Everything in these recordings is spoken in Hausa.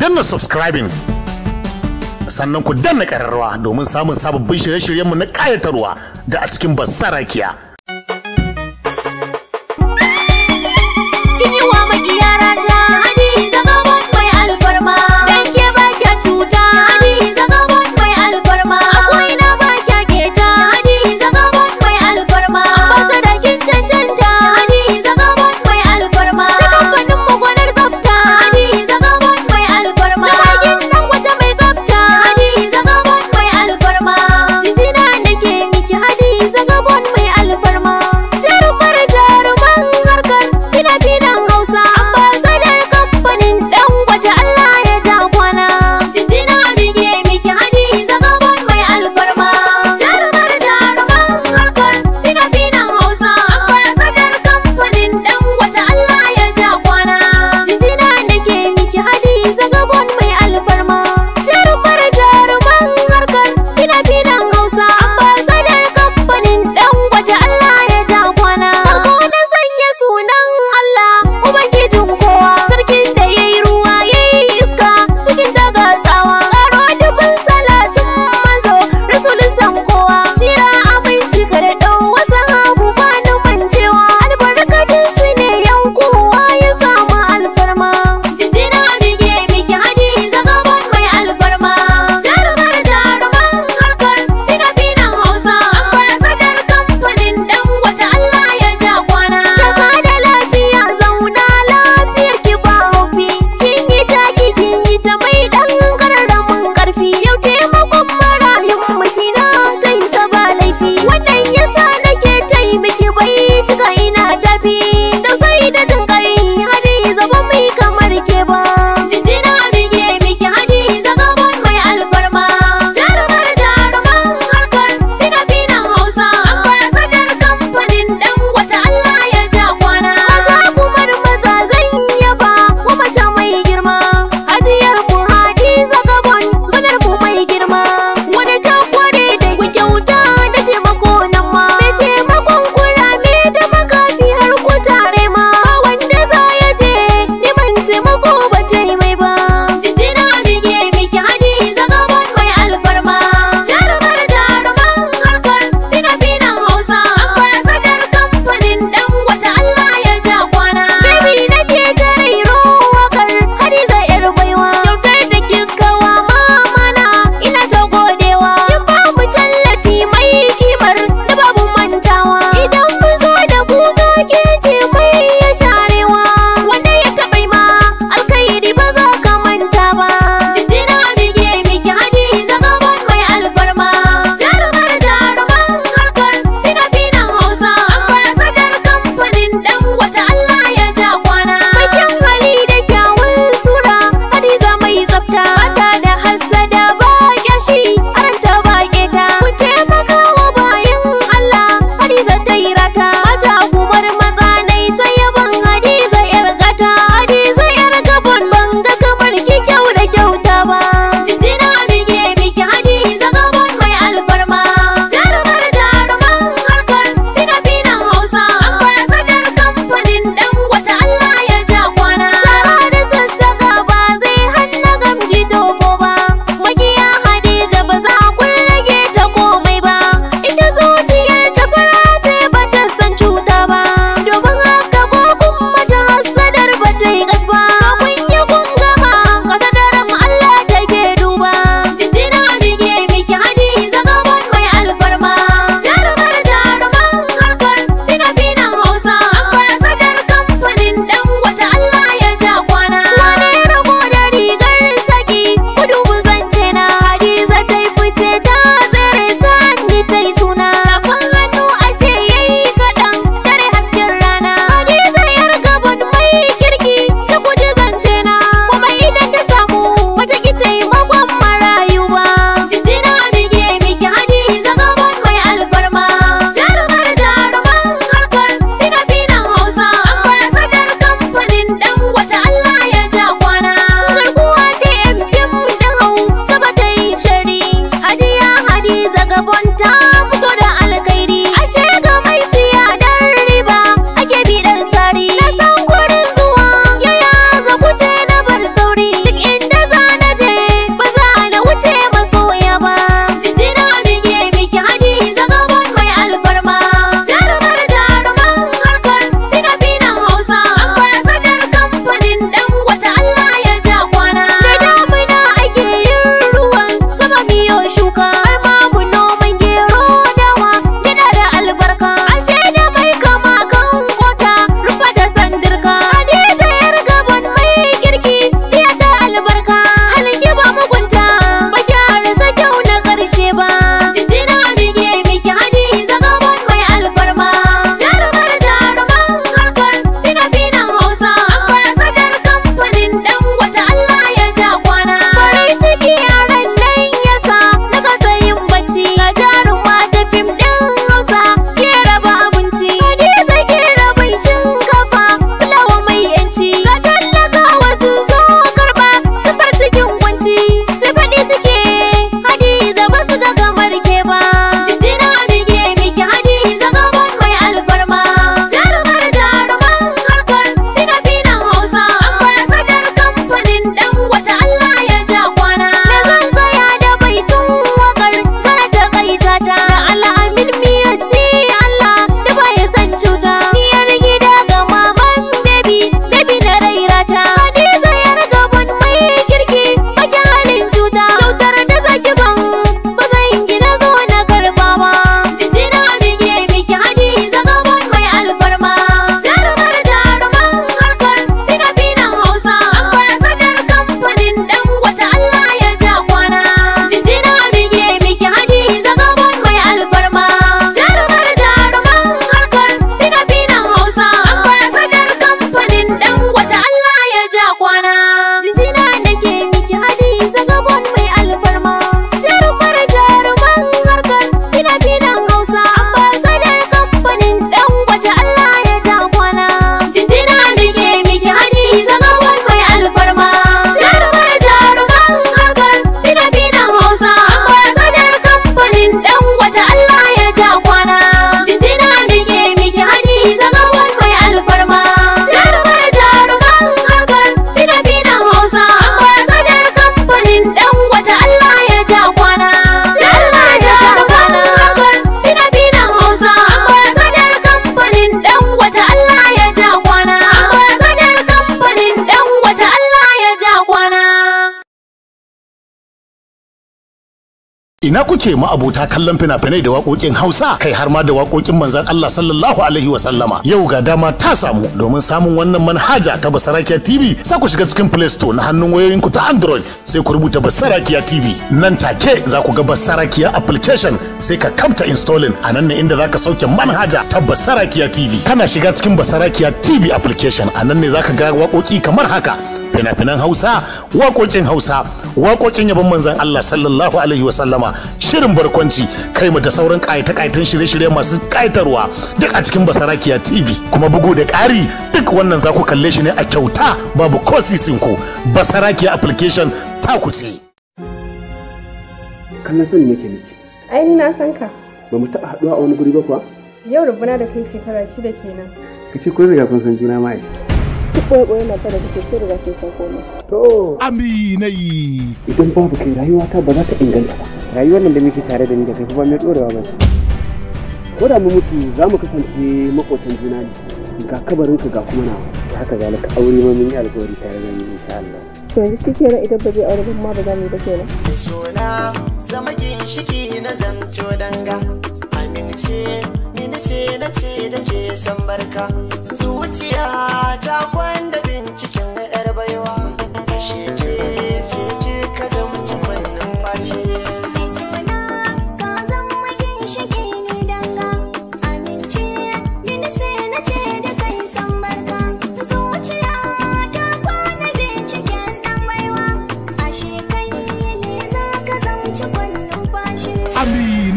danna subscribing sannan ku danna ƙararrawa domin samun sababbin shirye-shiryenmu na ƙayatarwa da a cikin basarakiya. Ina kuke ma'abota kallon fina-finai da waƙoƙin Hausa kai har ma da waƙoƙin manzan Allah sallallahu alaihi wasallama. Yau ga dama ta samu domin samun wannan manhaja ta Basarakiya TV sai ku shiga cikin Play Store na hannun wayoyinku ta Android sai ku rubuta Basarakiya TV. Nan take za ku ga Basarakiya application sai ka kamta installing a nan ne inda za ka sauke manhaja ta Basarakiya TV. Kana shiga cikin Basarakiya TV application a nan ne za ka ga waƙoƙi kamar haka. fina-finan hausa waƙoƙin hausa waƙoƙin yabon manzan allah sallallahu alaihi wasallama shirin barkwanci kai mu da sauran ƙayata-ƙayatan shirye-shirye masu ƙayatarwa duk a cikin basarakiya tv kuma bugu da ƙari duk wannan za ku kalle shi ne a kyauta babu ko ku basarakiya application taku ce. kallon sani nake miki ai ni na san ka ba mu taɓa haɗuwa a wani guri ba kuwa yau rubuna da kai shekara shida kenan ka ce kun riga kun san juna ma'aikata duk ɓoye-ɓoye na tara kake sai riga ke san Idan babu kai rayuwata ba za ta inganta ba. Rayuwar nan da muke tare da ni da kai kuma mai ɗorewa ba Ko da mu mutu za mu kasance makotan juna ne. Ga kabarinka ga kuma na haka zalika aure ma mun yi alƙawari tare da ni insha Allah. To yanzu shi kenan idan ba zai aure ba ma ba za mu yi ba kenan. Sona zama ginshiki na zanto danga. Amince ni na ce na ce da ke san barka. Zuciya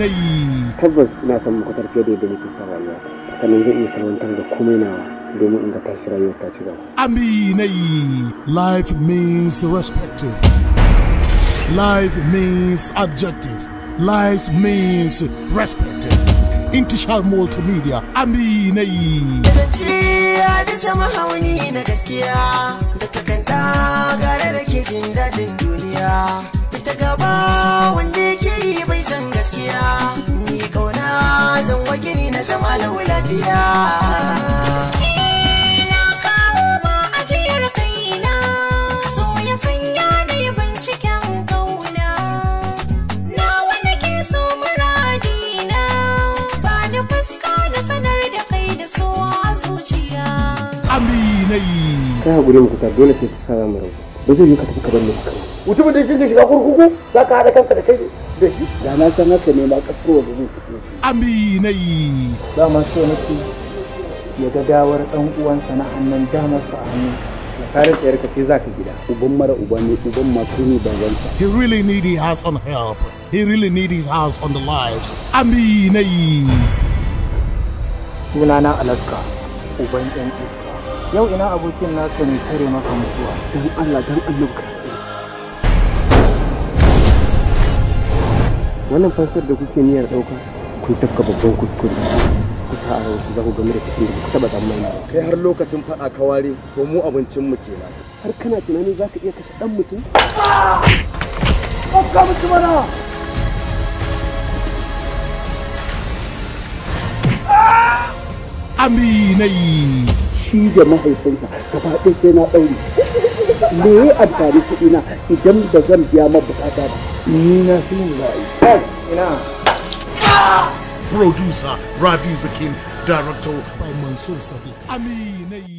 tabbas ina son mukatar fiye da yadda nake son rayuwa sannan zai iya salwantar da komai nawa domin in ga tashi rayuwar ta ci gaba aminai life means respective life means adjective life means respective intishar multimedia aminai kasance ya da sama na gaskiya da takanta gare da ke jin daɗin duniya ita gaba wanda san gaskiya ni kauna zan wakili na zama lau lafiya aminai. Ta haƙuri mu kuta dole sai ta sa za mu rabu. Ba zai yi ka tafi ka bar mu haka. mutumin da shi shiga kurkuku za ka haɗa kanka da kai da shi da na san haka ne ma kasko da zai fito aminai ba ma so nake ya ga gawar ɗan uwansa na hannun damar su a ya karin tsayar ka ce za ka gida uban mara uba ne uban ma su ne banzansa he really need his house on help he really need his house on the lives aminai sunana alaska uban ɗan iska yau ina abokin nasa mai kare maka mutuwa don allah don allah wannan fansar da kuke niyyar ɗauka kun tafka babban kuskure kusa a rahoto za ku game da cikin da ku taɓa tsammani kai har lokacin faɗa ka ware to mu abincin mu kenan har kana tunanin za ka iya kashe ɗan mutum Ka mutu mana! aminai shi da mahaifinsa gaba ɗaya sai na ɗaure me ya amfani kuɗina idan ba zan biya ma bukata ba nina na fi yin ra'ayi ina producer rabiu zakin director by mansur sabi aminai